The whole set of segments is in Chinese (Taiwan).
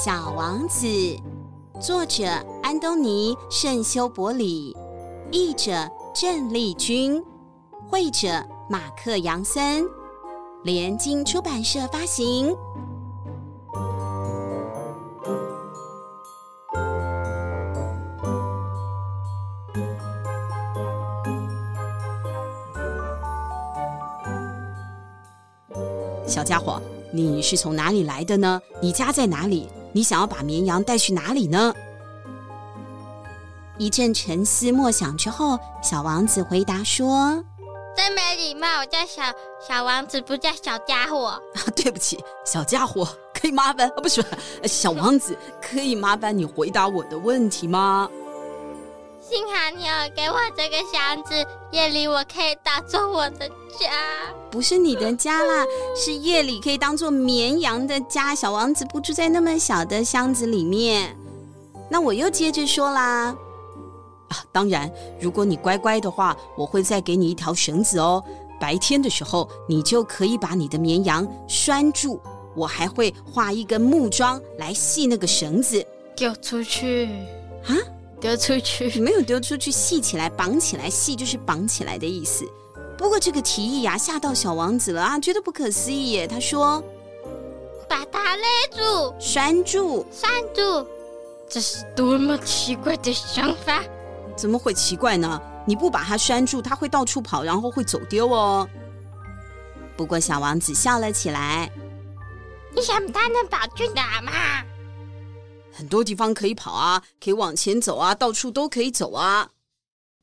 《小王子》，作者安東尼·聖修伯里，譯者鄭麗君，繪者馬克·楊森，聯經出版社發行。小家伙，你是從哪裡來的呢？你家在哪裡？你想要把綿羊帶去哪裡呢？一陣沉思默想之後，小王子回答說：“真沒禮貌，我叫小小王子，不叫小家伙。” 對不起，小家伙，可以麻煩啊？不是小王子，可以麻煩你回答我的問題嗎？幸好你有給我這個箱子，夜裡我可以當做我的家。不是你的家啦， 是夜裡可以當做綿羊的家。小王子不住在那麼小的箱子裡面。那我又接着說啦，啊，當然，如果你乖乖的話，我會再給你一條繩子哦。白天的時候，你就可以把你的綿羊拴住。我還會畫一根木樁來繫那個繩子。給我出去！啊？丟出去，沒有丟出去。繫起來綁起來，繫就是綁起來的意思。不過這個提議呀、啊，嚇到小王子了啊，覺得不可思議耶。他說：“把它勒住，拴住，拴住，這是多麼奇怪的想法！怎麼會奇怪呢？你不把它拴住，他會到處跑，然後會走丟哦。”不過小王子笑了起來：“你想他能跑去哪兒嗎？”很多地方可以跑啊，可以往前走啊，到處都可以走啊。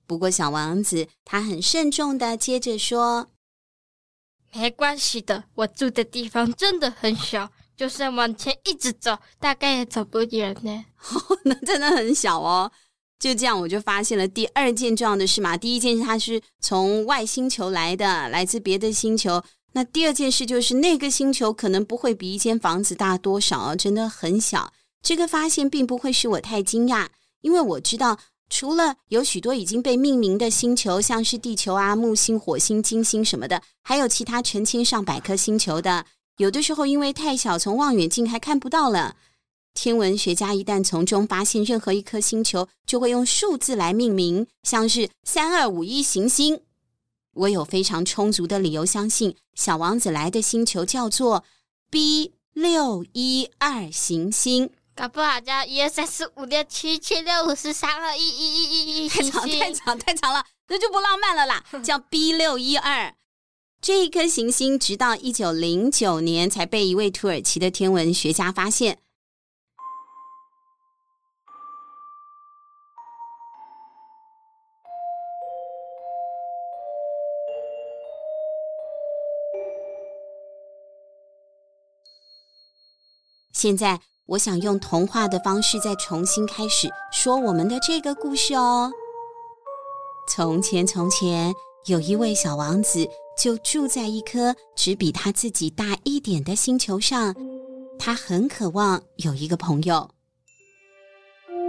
不過，小王子他很慎重的接着說：“沒關係的，我住的地方真的很小，就算往前一直走，大概也走不遠呢。 那真的很小哦。”就這樣，我就發現了第二件重要的事嘛。第一件事，它是從外星球來的，來自別的星球。那第二件事就是，那個星球可能不會比一間房子大多少，真的很小。這個發現並不會使我太驚訝，因為我知道，除了有許多已經被命名的星球，像是地球啊、木星、火星、金星什麼的，還有其他成千上百顆星球的。有的時候因為太小，從望遠鏡還看不到了。天文學家一旦從中發現任何一顆星球，就會用數字來命名，像是三二五一行星。我有非常充足的理由相信，小王子來的星球叫做 B 六一二行星。搞不好叫一二三四五六七七六五四三二一一一一一，太長太長太長了，那就不浪漫了啦。叫 B 六一二。這一顆行星，直到一九零九年才被一位土耳其的天文學家發現。現在。我想用童話的方式再重新開始說我們的這個故事哦。從前，從前有一位小王子，就住在一顆只比他自己大一點的星球上。他很渴望有一個朋友。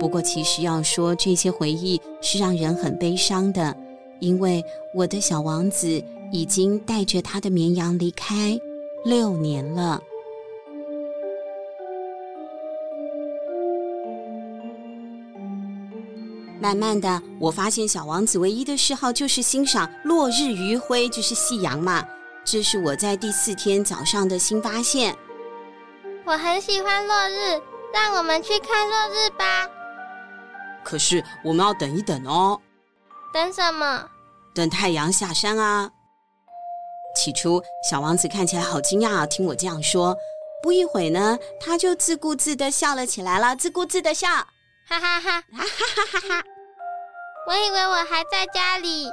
不過，其實要說這些回憶是讓人很悲傷的，因為我的小王子已經帶着他的綿羊離開六年了。慢慢的，我發現小王子唯一的嗜好就是欣賞落日餘暉，就是夕陽嘛。這是我在第四天早上的新發現。我很喜歡落日，讓我們去看落日吧。可是我們要等一等哦。等什麼？等太陽下山啊。起初，小王子看起來好驚訝啊，聽我這樣說。不一會呢，他就自顧自的笑了起來了，自顧自的笑。哈哈哈，哈哈哈哈！我以為我還在家裡。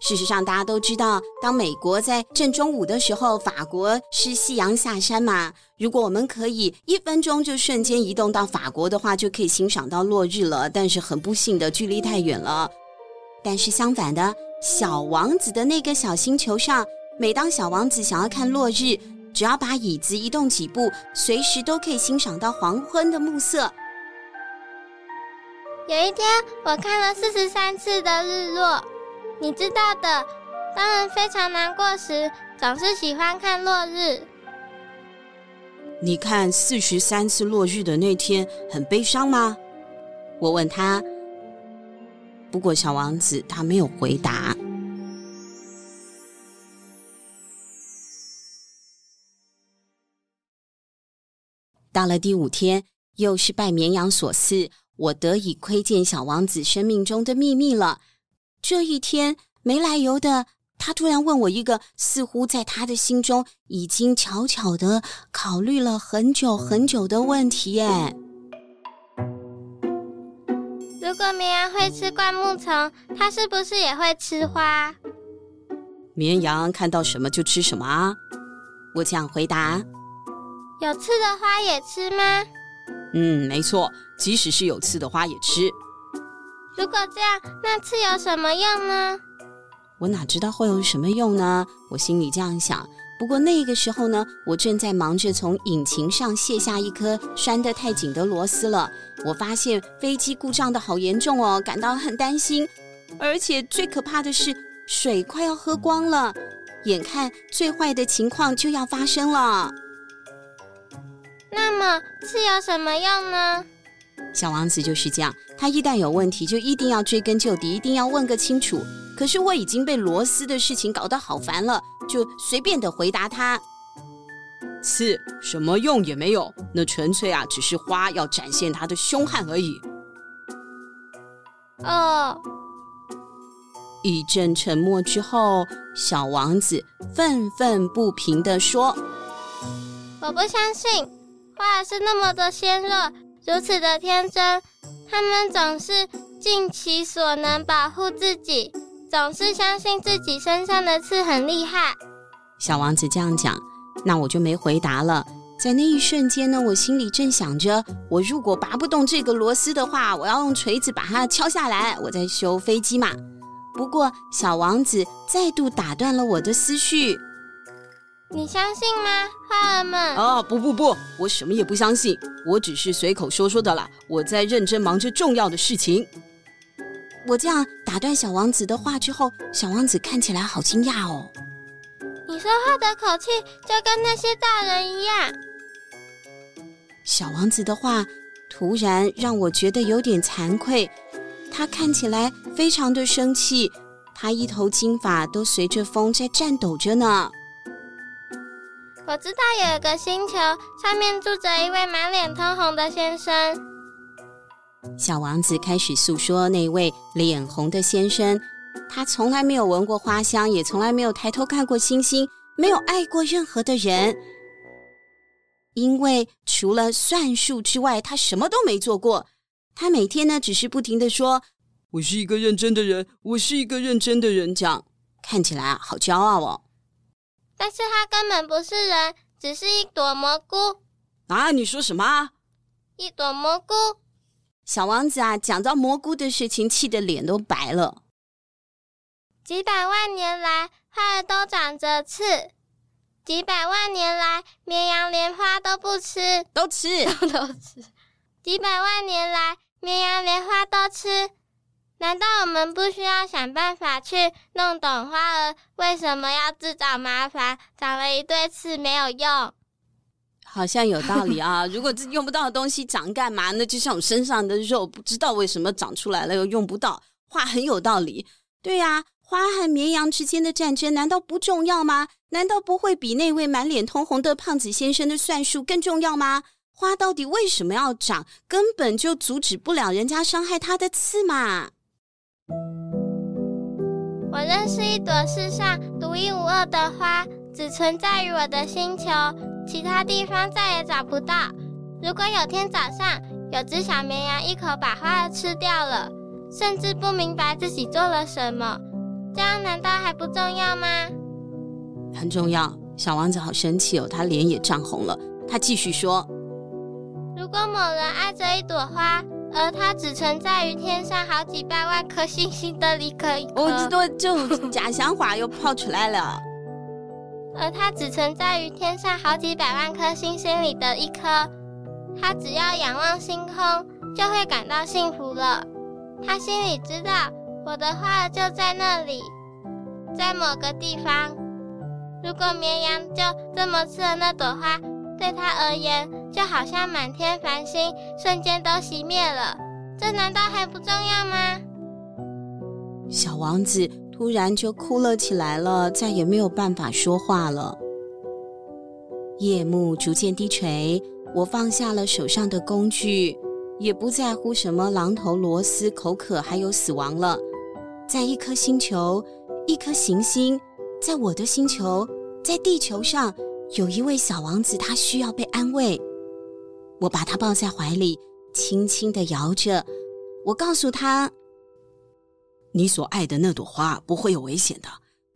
事實上，大家都知道，當美國在正中午的時候，法國是夕陽下山嘛。如果我們可以一分鐘就瞬間移動到法國的話，就可以欣賞到落日了。但是很不幸的，距離太遠了。但是相反的，小王子的那個小星球上，每當小王子想要看落日，只要把椅子移動幾步，隨時都可以欣賞到黃昏的暮色。有一天，我看了四十三次的日落。你知道的，當人非常難過時，總是喜歡看落日。你看四十三次落日的那天很悲傷嗎？我問他。不過小王子他沒有回答。到了第五天，又是拜綿羊所賜，我得以窺見小王子生命中的祕密了。這一天沒來由的，他突然問我一個似乎在他的心中已經悄悄的考慮了很久很久的問題。耶。如果綿羊會吃灌木叢，它是不是也會吃花？綿羊看到什麼就吃什麼啊？我這樣回答。有刺的花也吃嗎？嗯，沒錯，即使是有刺的花也吃。如果這樣，那刺有什麼用呢？我哪知道會有什麼用呢？我心裡這樣想。不過那個時候呢，我正在忙着從引擎上卸下一顆拴得太緊的螺絲了。我發現飛機故障得好嚴重哦，感到很擔心。而且最可怕的是，水快要喝光了，眼看最壞的情況就要發生了。那麼刺有什麼用呢？小王子就是這樣，他一旦有問題，就一定要追根究底，一定要問個清楚。可是我已經被螺絲的事情搞得好煩了，就隨便的回答他：刺什麼用也沒有，那純粹啊，只是花要展現它的凶悍而已。哦、呃。一陣沉默之後，小王子憤憤不平地說：“我不相信。”花是那麼的纖弱，如此的天真。他們總是盡其所能保護自己，總是相信自己身上的刺很厲害。小王子這樣講，那我就沒回答了。在那一瞬間呢，我心裡正想着，我如果拔不動這個螺絲的話，我要用錘子把它敲下來。我在修飛機嘛。不過小王子再度打斷了我的思緒。你相信嗎？花兒們，哦，不不不，我什麼也不相信，我只是隨口說說的啦。我在認真忙着重要的事情。我這樣打斷小王子的話之後，小王子看起來好驚訝哦。你說話的口氣就跟那些大人一樣。小王子的話突然讓我覺得有點慚愧。他看起來非常的生氣，他一頭金髮都隨着風在顫抖着呢。我知道有一個星球，上面住着一位滿臉通紅的先生。小王子開始訴說那位臉紅的先生，他從來沒有聞過花香，也從來沒有抬頭看過星星，沒有愛過任何的人，因為除了算術之外，他什麼都沒做過。他每天呢，只是不停地說：“我是一個認真的人，我是一個認真的人。”這樣講，看起來啊，好驕傲哦。但是他根本不是人，只是一朵蘑菇啊！你說什麼？一朵蘑菇？小王子啊，講到蘑菇的事情，氣得臉都白了。幾百萬年來，花兒都長着刺。幾百萬年來，綿羊連花都不吃，都吃，都，都吃。幾百萬年來，綿羊連花都吃。難道我們不需要想辦法去弄懂花兒為什麼要自找麻煩，長了一對刺沒有用？好像有道理啊！ 如果這用不到的東西長幹嘛呢？那就像我們身上的肉，不知道為什麼長出來了又用不到。話很有道理，對啊。花和綿羊之間的戰爭難道不重要嗎？難道不會比那位滿臉通紅的胖子先生的算術更重要嗎？花到底為什麼要長？根本就阻止不了人家傷害它的刺嘛！我認識一朵世上獨一無二的花，只存在於我的星球，其他地方再也找不到。如果有天早上，有只小綿羊一口把花吃掉了，甚至不明白自己做了什麼，這樣難道還不重要嗎？很重要。小王子好生氣哦，他臉也漲紅了。他繼續說：“如果某人愛着一朵花。”而它只存在於天上好幾百萬顆星星的一顆，顆一顆。我知道就，就假想法又跑出來了。而它只存在於天上好幾百萬顆星星裡的一顆。它只要仰望星空，就會感到幸福了。它心裡知道，我的花兒就在那裡，在某個地方。如果綿羊就這麼吃了那朵花。對他而言，就好像滿天繁星瞬間都熄滅了。這難道還不重要嗎？小王子突然就哭了起來了，再也沒有辦法說話了。夜幕逐漸低垂，我放下了手上的工具，也不在乎什麼榔頭、螺絲、口渴，還有死亡了。在一顆星球，一顆行星，在我的星球，在地球上。有一位小王子，他需要被安慰。我把他抱在懷裡，輕輕的搖着。我告訴他：“你所愛的那朵花不會有危險的，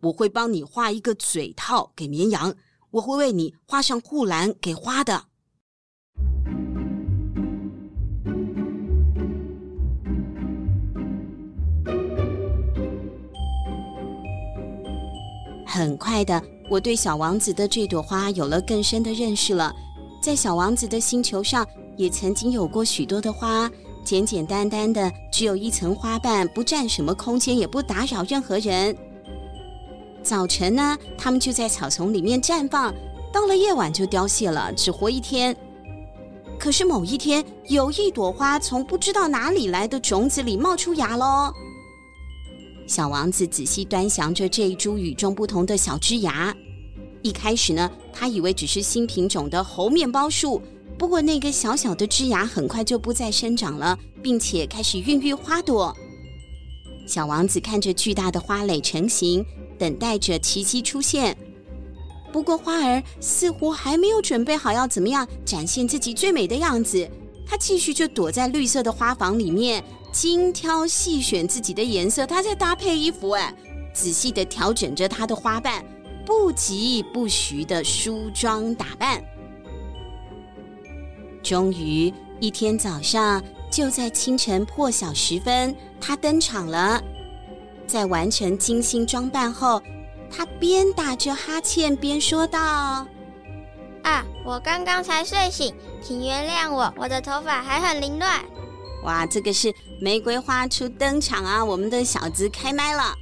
我會幫你畫一個嘴套給綿羊，我會為你畫上護欄給花的。”很快的。我對小王子的這朵花有了更深的認識了，在小王子的星球上也曾經有過許多的花，簡簡單單的，只有一層花瓣，不占什麼空間，也不打擾任何人。早晨呢，它們就在草叢裡面綻放，到了夜晚就凋謝了，只活一天。可是某一天，有一朵花從不知道哪裡來的種子裡冒出芽嘍。小王子仔細端詳着這一株與眾不同的小枝芽。一開始呢，他以為只是新品種的猴面包樹。不過，那個小小的枝芽很快就不再生長了，並且開始孕育花朵。小王子看着巨大的花蕾成型，等待着奇跡出現。不過，花兒似乎還沒有準備好要怎麼樣展現自己最美的樣子。它繼續就躲在綠色的花房裡面。精挑細選自己的顏色，他在搭配衣服，哎，仔細地調整着他的花瓣，不疾不徐地梳妝打扮。終於一天早上，就在清晨破曉時分，他登場了。在完成精心裝扮後，他邊打着哈欠邊說道：“啊，我剛剛才睡醒，請原諒我，我的頭髮還很凌亂。”哇，這個是玫瑰花初登場啊！我們的小資開麥了，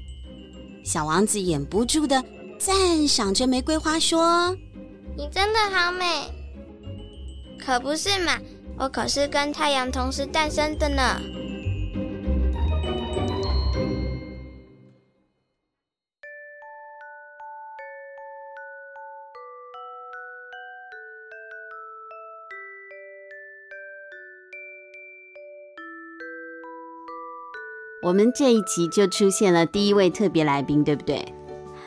小王子忍不住的讚賞着玫瑰花，說：“你真的好美，可不是嘛？我可是跟太陽同時誕生的呢。”我們這一集就出現了第一位特別來賓，對不對？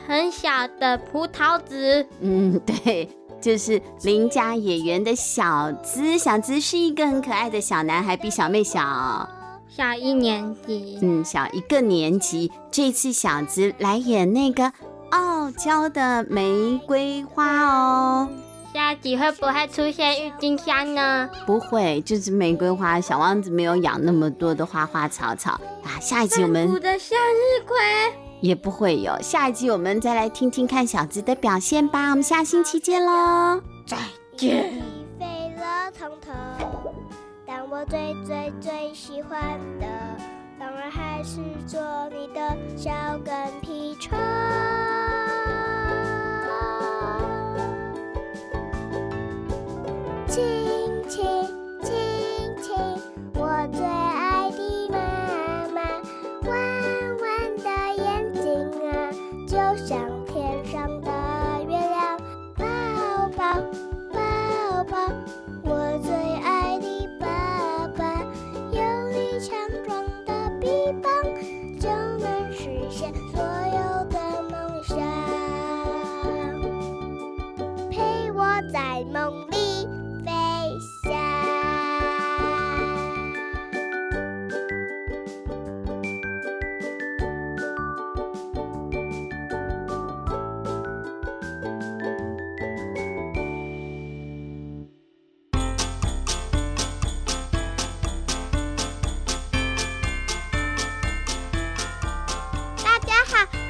很小的葡萄籽，嗯，對，就是鄰家演員的小子。小子是一個很可愛的小男孩，比小妹小，哦，小一年級，嗯，小一個年級。這次小子來演那個傲嬌的玫瑰花哦。下集會不會出現鬱金香呢？不會，就是玫瑰花。小王子沒有養那麼多的花花草草啊。下一集我們我的向日葵也不會有。下一集我們再來聽聽看小智的表現吧。我們下星期見嘍，再見。飛了，但我最最最喜歡的的還是做你的小跟屁蟲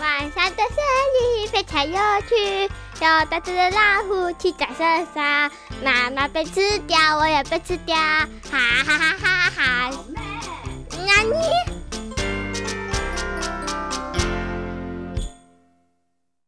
晚上的森林非常有趣，有大隻的老虎、去彩色的媽媽被吃掉，我也被吃掉，哈哈哈哈！那你妹？